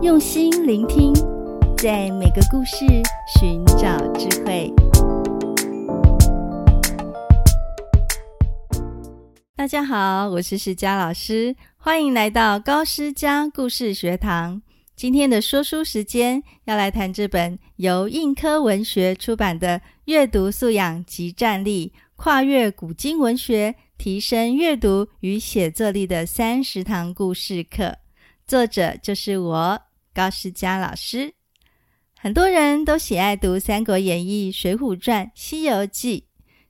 用心聆聽，在每個故事尋找智慧。大家好，我是詩佳老師，歡迎來到高詩佳故事學堂。今天的說書時間要來談這本由印刻文學出版的《閱讀素養即戰力：跨越古今文學，提升閱讀與寫作力的三十堂故事課》，作者就是我。高詩佳老師，很多人都喜愛讀《三國演義》《水滸傳》《西遊記》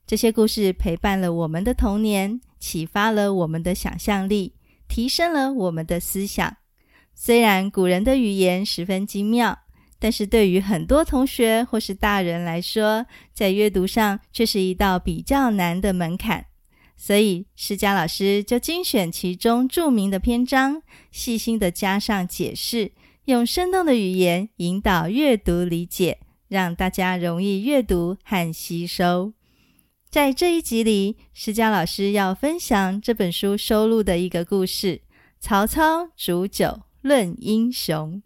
這些故事，陪伴了我們的童年，啟發了我們的想象力，提升了我們的思想。雖然古人的語言十分精妙，但是對於很多同學或是大人來說，在閱讀上卻是一道比較難的門檻。所以，詩佳老師就精選其中著名的篇章，細心的加上解釋。用生動的語言引導閱讀理解，讓大家容易閱讀和吸收。在這一集裡，詩佳老師要分享這本書收錄的一個故事：曹操煮酒論英雄。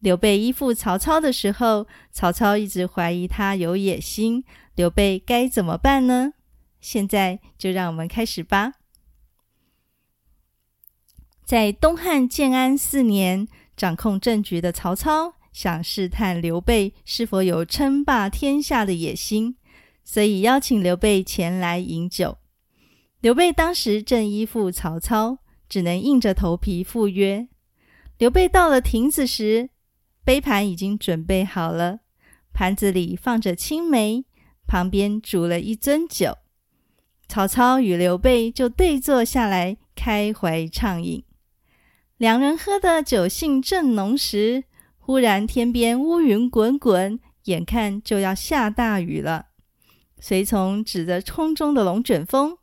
劉備依附曹操的時候，曹操一直懷疑他有野心，劉備該怎麼辦呢？現在就讓我們開始吧。在東漢建安四年，掌控政局的曹操想試探劉備是否有稱霸天下的野心，所以邀請劉備前來飲酒。劉備當時正依附曹操，只能硬着頭皮赴約。劉備到了亭子時，杯盤已經準備好了，盤子裡放着青梅，旁邊煮了一樽酒。曹操與劉備就對坐下來，開懷暢飲。兩人喝得酒興正濃時，忽然天邊烏雲滾滾，眼看就要下大雨了。隨從指着空中的龍捲風，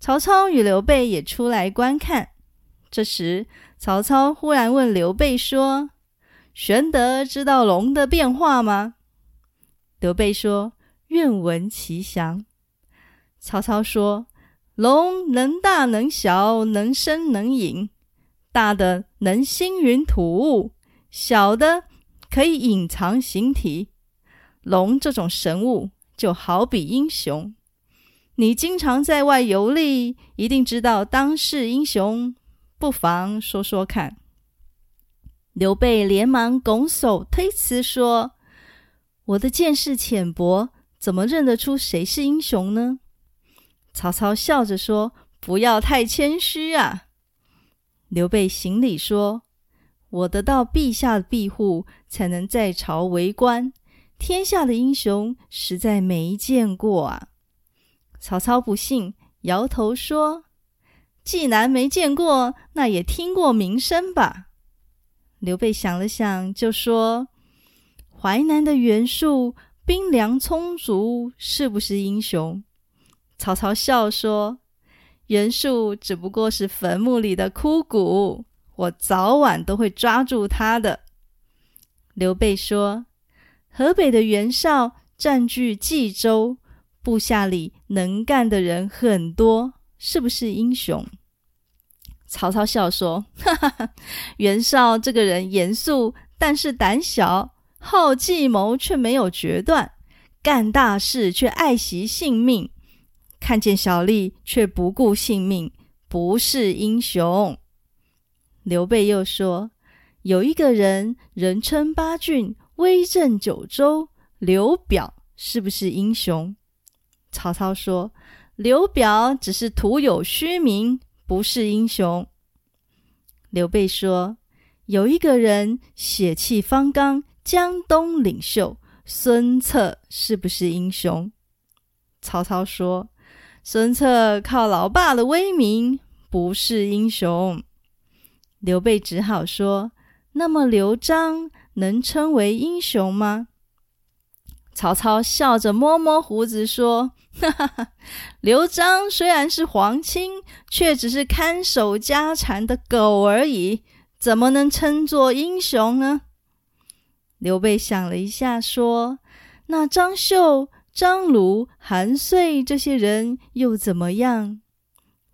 曹操與劉備也出來觀看。這時，曹操忽然問劉備說：“玄德知道龍的變化嗎？”劉備說：“願聞其詳。”曹操說：“龍能大能小，能升能隱。”大的能興雲吐霧，小的可以隱藏形體。龍這種神物就好比英雄。你經常在外遊歷，一定知道當世英雄，不妨說說看。劉備連忙拱手推辭說：“我的見識淺薄，怎麼認得出誰是英雄呢？”曹操笑着說：“不要太謙虛啊。”劉備行禮說：“我得到陛下的庇護，才能在朝為官。天下的英雄，實在沒見過啊。”曹操不信，搖頭說：“既然沒見過，那也聽過名聲吧。”劉備想了想，就說：“淮南的袁術，兵糧充足，是不是英雄？”曹操笑說。袁術只不過是墳墓裡的枯骨，我早晚都會抓住他的。”劉備說：“河北的袁紹佔據冀州，部下裡能幹的人很多，是不是英雄？”曹操笑說：“哈哈哈，袁紹這個人嚴肅，但是膽小，好計謀卻沒有決斷，幹大事卻愛惜性命。”看見小利卻不顧性命，不是英雄。劉備又說：“有一個人，人稱八俊，威震九州，劉表是不是英雄？”曹操說：“劉表只是徒有虛名，不是英雄。”劉備說：“有一個人，血氣方剛，江東領袖，孫策是不是英雄？”曹操說。孫策靠老爸的威名，不是英雄，劉備只好說：“那麼劉璋能稱為英雄嗎？”曹操笑着摸摸鬍子說：“哈哈，劉璋雖然是皇親，卻只是看守家產的狗而已，怎麼能稱作英雄呢？”劉備想了一下說：“那張繡。”張魯、韓遂這些人又怎麼樣？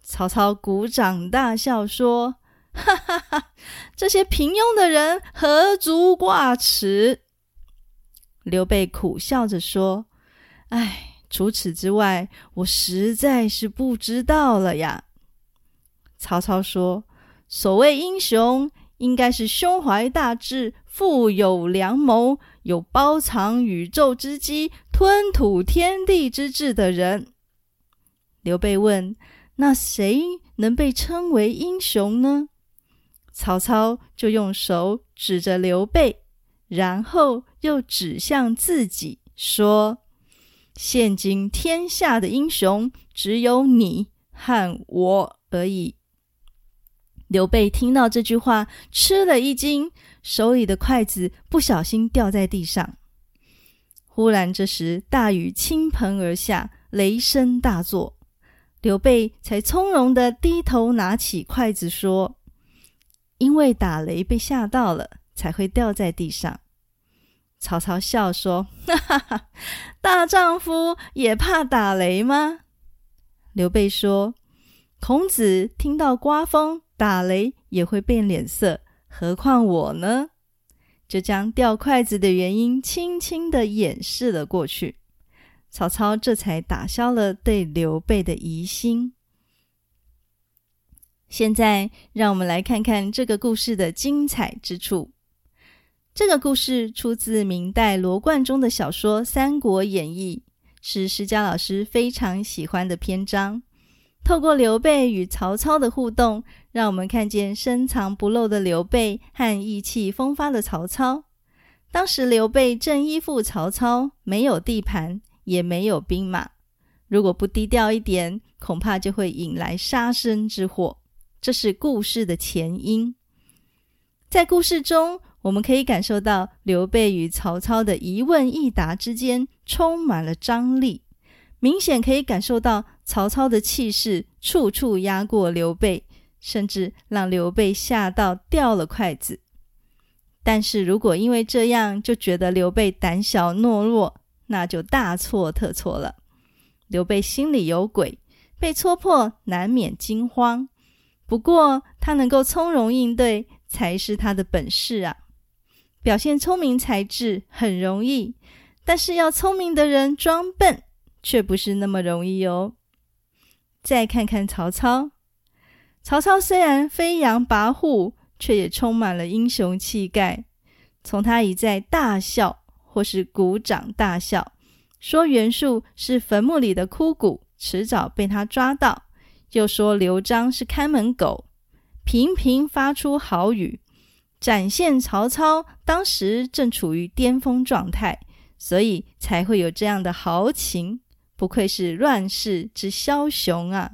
曹操鼓掌大笑說：“哈哈哈哈，這些平庸的人何足掛齒。”劉備苦笑着說：“唉，除此之外，我實在是不知道了呀。”曹操說：“所謂英雄，應該是胸懷大志，富有良謀，有包藏宇宙之機。”吞吐天地之志的人。劉備問：“那誰能被稱為英雄呢？”曹操就用手指着劉備，然後又指向自己，說：“現今天下的英雄只有你和我而已。”劉備聽到這句話，吃了一驚，手裡的筷子不小心掉在地上。忽然這時大雨傾盆而下，雷聲大作，劉備才從容地低頭拿起筷子說：“因為打雷被嚇到了，才會掉在地上。”曹操笑說：“哈哈哈，大丈夫也怕打雷嗎？”劉備說：“孔子聽到刮風打雷也會變臉色，何況我呢？”就將掉筷子的原因輕輕的掩飾了過去，曹操這才打消了對劉備的疑心。現在，讓我們來看看這個故事的精彩之處。這個故事出自明代羅貫中的小說《三國演義》，是詩佳老師非常喜歡的篇章。透過劉備與曹操的互動，讓我們看見深藏不露的劉備和意氣風發的曹操。當時劉備正依附曹操，沒有地盤，也沒有兵馬。如果不低調一點，恐怕就會引來殺身之禍。這是故事的前因。在故事中，我們可以感受到劉備與曹操的一問一答之間充滿了張力，明顯可以感受到曹操的氣勢處處壓過劉備。甚至讓劉備嚇到掉了筷子，但是如果因為這樣就覺得劉備膽小懦弱，那就大錯特錯了。劉備心裡有鬼，被戳破難免驚慌，不過他能夠從容應對，才是他的本事啊。表現聰明才智很容易，但是要聰明的人裝笨却不是那麼容易哦。再看看曹操。曹操雖然飛揚跋扈，卻也充滿了英雄氣概。從他一再大笑，或是鼓掌大笑，說袁術是墳墓裡的枯骨，遲早被他抓到；又說劉璋是看門狗，頻頻發出豪語，展現曹操當時正處於巔峰狀態，所以才會有這樣的豪情。不愧是亂世之梟雄啊！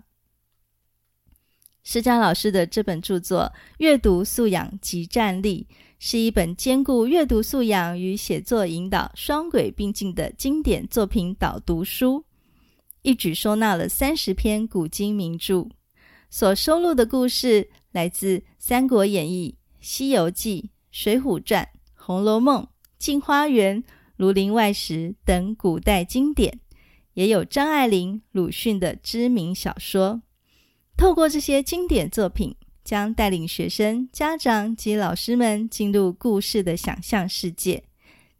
詩佳老師的這本著作《閱讀素養即戰力》是一本兼顧閱讀素養與寫作引導雙軌並進的經典作品導讀書，一舉收納了三十篇古今名著。所收錄的故事來自《三國演義》《西遊記》《水滸傳》《紅樓夢》園《鏡花緣》《儒林外史》等古代經典，也有張愛玲、魯迅的知名小說。透過這些經典作品，將帶領學生、家長及老師們進入故事的想象世界。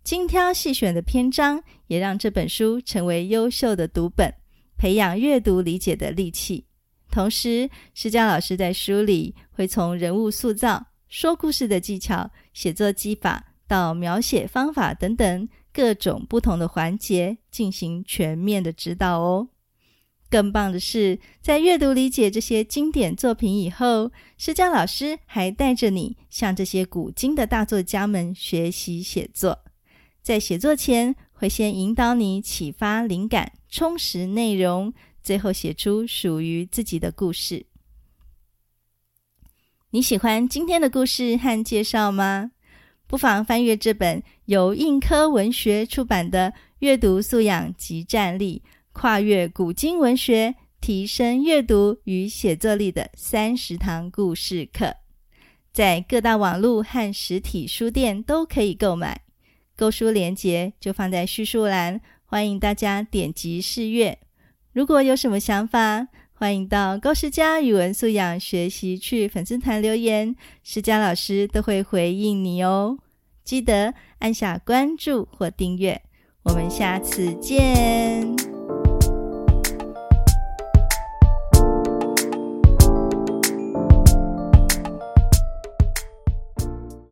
精挑細選的篇章，也讓這本書成為優秀的讀本，培養閱讀理解的利器。同時，詩佳老師在書裡會從人物塑造、說故事的技巧、寫作技法到描寫方法等等各種不同的環節進行全面的指導哦。更棒的是，在閱讀理解這些經典作品以後，詩佳老師還帶着你向這些古今的大作家們學習寫作。在寫作前，會先引導你啟發靈感、充實內容，最後寫出屬於自己的故事。你喜歡今天的故事和介紹嗎？不妨翻閱這本由印刻文學出版的《閱讀素養即戰力》。跨越古今文學，提升閱讀與寫作力的三十堂故事課，在各大網絡和實體書店都可以購買。購書鏈接就放在敘述欄，歡迎大家點擊試閱。如果有什麼想法，歡迎到高詩佳語文素養學習區粉絲團留言，詩佳老師都會回應你哦。記得按下關注或訂閱，我們下次見。